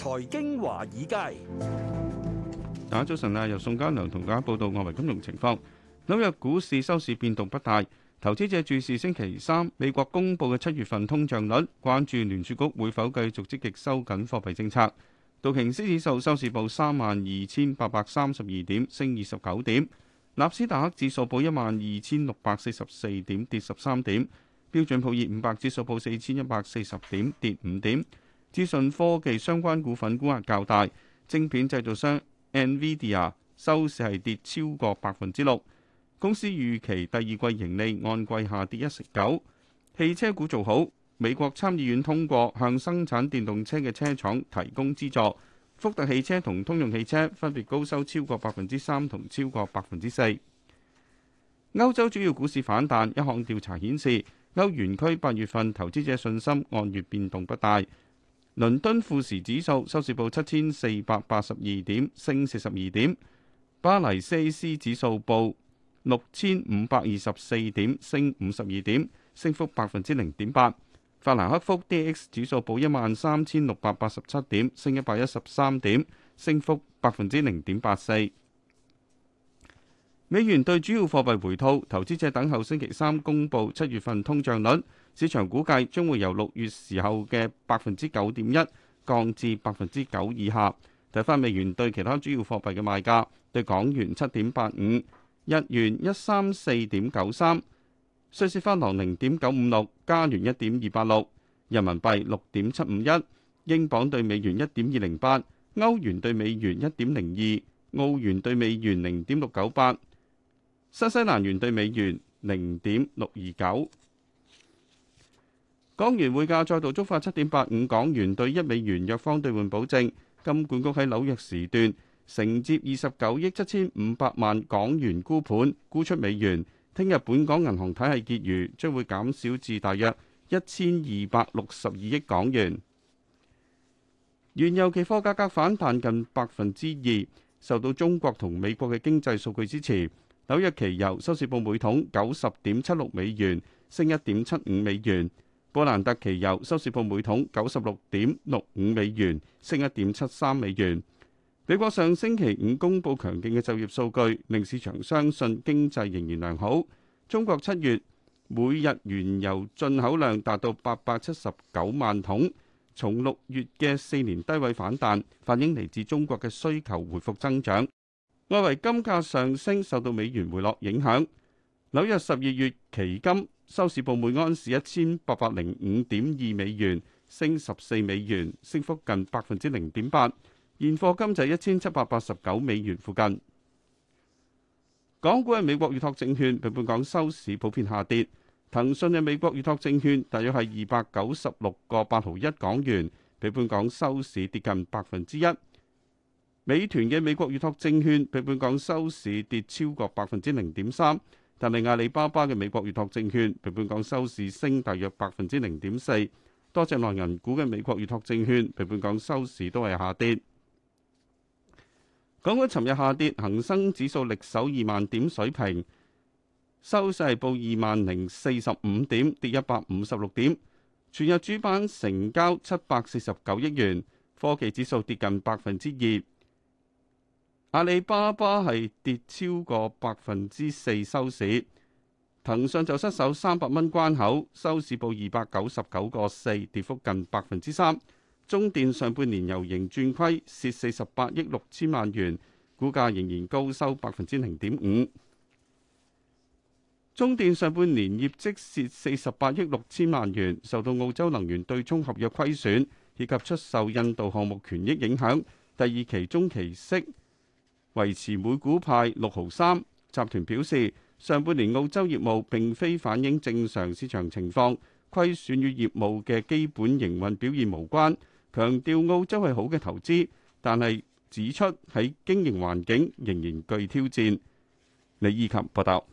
財經華爾街，大家早晨啊！由宋嘉良同大家報道外圍金融情況。紐約股市收市變動不大，投資者注視星期三美國公布嘅七月份通脹率，關注聯儲局會否繼續積極收緊貨幣政策。道瓊斯指數收市報三萬二千八百三十二點，升二十九點；納斯達克指數報一萬二千六百四十四點，跌十三點；標準普爾五百指數報四千一百四十點，跌五點。資訊科技相關股份估壓較大，晶片製造商 Nvidia 收市係跌超過百分之六。公司預期第二季盈利按季下跌一成九。汽車股做好，美國參議院通過向生產電動車嘅車廠提供資助，福特汽車同通用汽車分別高收超過百分之三同超過百分之四。歐洲主要股市反彈，一項調查顯示，歐元區八月份投資者信心按月變動不大。倫敦富時指數收市報七千四百八十二點，升四十二點；巴黎 CAC 指數報六千五百二十四點，升五十二點，升幅百分之零點八。法蘭克福 DAX 指數報一萬三千六百八十七點，升一百一十三點，升幅百分之零點八四。美元對主要貨幣回吐，投資者等候星期三公布七月份通脹率。市場估計將會由六月時候嘅百分之九點一降至百分之九以下。睇返美元對其他主要貨幣嘅賣價，對港元七點八五，日元一三四點九三，瑞士法郎零點九五六，加元一點二八六，人民幣六點七五一，英鎊對美元一點二零八，歐元對美元一點零二，澳元對美元零點六九八，新西蘭元對美元零點六二九。港元匯價再度觸發七點八五港元對一美元弱方兌換保證。金管局喺紐約時段承接二十九億七千五百萬港元沽盤沽出美元。聽日本港銀行體系結餘將會減少至大約一千二百六十二億港元。原油期貨價格反彈近百分之二，受到中國同美國嘅經濟數據支持。紐約期油收市報每桶九十點七六美元，升一點七五美元。布蘭特期油收市報每桶九十六點六五美元，升一點七三美元。美國上星期五公布強勁嘅就業數據，令市場相信經濟仍然良好。中國七月每日原油進口量達到八百七十九萬桶，從六月嘅四年低位反彈，反映嚟自中國嘅需求回復增長。外圍金價上升受到美元回落影響，紐約十二月期金，收市報每安士一千八百零五點二美元，升十四美元，升幅近百分之零點八。現貨金就一千七百八十九美元附近。港股嘅美國預託證券，比本港收市普遍下跌。騰訊嘅美國預託證券，大約係二百九十六個八毫一港元，比本港收市跌近百分之一。美團嘅美國預託證券比本港收市跌超過百分之零點三。但係阿里巴巴嘅美國預託證券，比本港收市升大約百分之零點四。多隻內銀股嘅美國預託證券，比本港收市都係下跌。港股尋日下跌，恒生指數力守二萬點水平，收市報二萬零四十五點，跌一百五十六點。全日主板成交七百四十九億元，科技指數跌近百分之二。阿里巴巴係跌超過百分之四收市，騰訊就失守三百蚊關口，收市報二百九十九個四，跌幅近百分之三。中電上半年由盈轉虧，蝕四十八億六千萬元，股價仍然高收百分之零點五。中電上半年業績蝕四十八億六千萬元，受到澳洲能源對沖合約虧損以及出售印度項目權益影響，第二期中期息。維持每股派六毫三。集團表示，上半年澳洲業務並非反映正常市場情況，虧損與業務嘅基本營運表現無關。強調澳洲係好嘅投資，但係指出喺經營環境仍然具挑戰。李意及報道。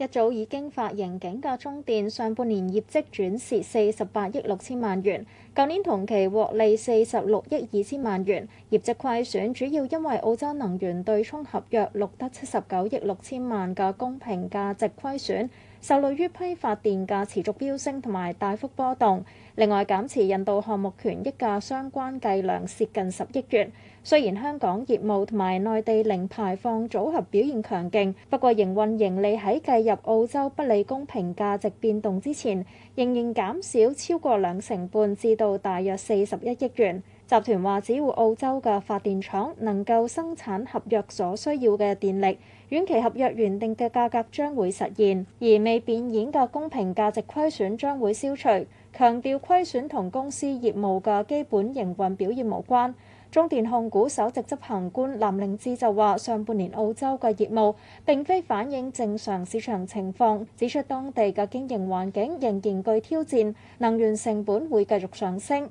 一早已經發盈警嘅中電上半年業績轉蝕四十八億六千萬元，舊年同期獲利四十六億二千萬元。業績虧損主要因為澳洲能源對沖合約錄得七十九億六千萬嘅公平價值虧損，受累於批發電價持續飆升同埋大幅波動。另外減持印度項目權益嘅相關計量蝕近十億元。雖然香港業務同埋內地零排放組合表現強勁，不過營運盈利喺計入澳洲不利公平價值變動之前，仍然減少超過兩成半，至到大約四十一億元。集團話：只要澳洲嘅發電廠能夠生產合約所需要嘅電力，遠期合約原定嘅價格將會實現，而未變現嘅公平價值虧損將會消除。強調虧損同公司業務嘅基本營運表現無關。中電控股首席執行官藍凌志就話：上半年澳洲嘅業務並非反映正常市場情況，指出當地嘅經營環境仍然具挑戰，能源成本會繼續上升。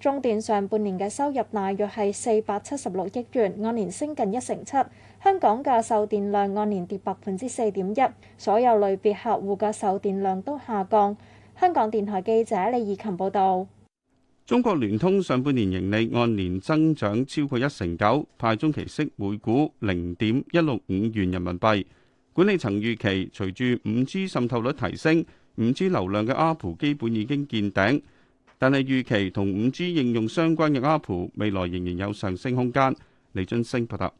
中電上半年嘅收入大約係四百七十六億元，按年升近一成七。香港嘅售電量按年跌百分之四點一，所有類別客戶嘅售電量都下降。香港電台記者李義琴報道。中國聯通上半年盈利按年增長超過一成九，派中期息每股零點一六五元人民幣。管理層預期隨住五 G 滲透率提升，五 G 流量嘅 ARPU 基本已經見頂。但係預期同五 G 應用相關嘅 Apple 未來仍然有上升空間。李俊升報道。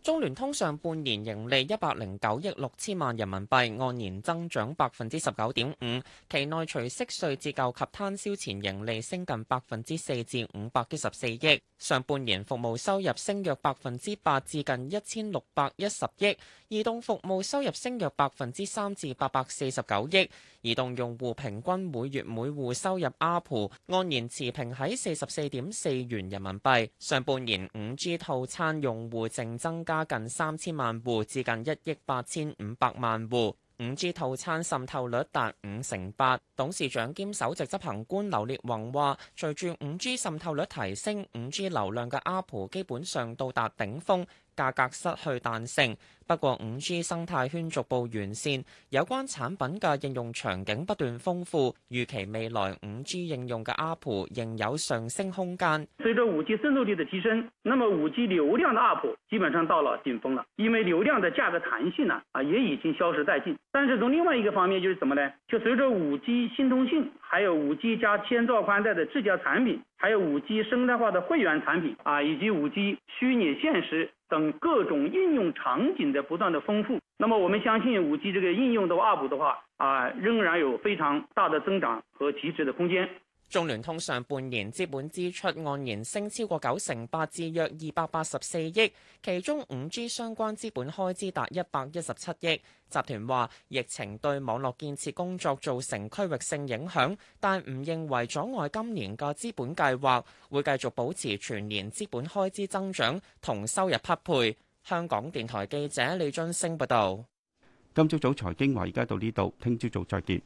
中聯通上半年盈利一百零九億六千萬人民幣，按年增長百分之十九點五。期內除息稅折舊及攤銷前盈利升近百分之四至五百一十四億。上半年服務收入升約百分之八至近一千六百一十億，移動服務收入升約百分之三至八百四十九億。移動用戶平均每月每戶收入，阿普按年持平喺四十四點四元人民幣。上半年五 G 套餐用戶淨增加近三千萬戶，至近一億八千五百萬戶，五 G 套餐滲透率達五成八。董事長兼首席執行官劉烈宏話，隨住五 G 滲透率提升，五 G 流量嘅阿普基本上到達頂峰。價格失去彈性，不過 5G 生態圈逐步完善，有關產品嘅應用場景不斷豐富，預期未來 5G 應用嘅 ARPU 仍有上升空間。隨着 5G 滲透率的提升，那麼 5G 流量的 ARPU 基本上到了頂峰了，因爲流量的價格彈性呢，啊也已經消失殆盡。但是從另外一個方面就是什麼呢？就隨着 5G 新通信，還有 5G 加千兆寬帶的智家產品，還有 5G 生態化的會員產品，啊以及 5G 虛擬現實。等各種應用場景的不斷的豐富，那麼我們相信，五 G 這個應用的 up 的話，啊，仍然有非常大的增長和提升的空間。中聯通上半年資本支出按年升超過九成八，至約二百八十四億，其中五 G 相關資本開支達一百一十七億。集團話疫情對網絡建設工作造成區域性影響，但唔認為阻礙今年嘅資本計劃，會繼續保持全年資本開支增長同收入匹配。香港電台記者李俊升報道。今朝早財經話，而家到呢度，聽朝早再見。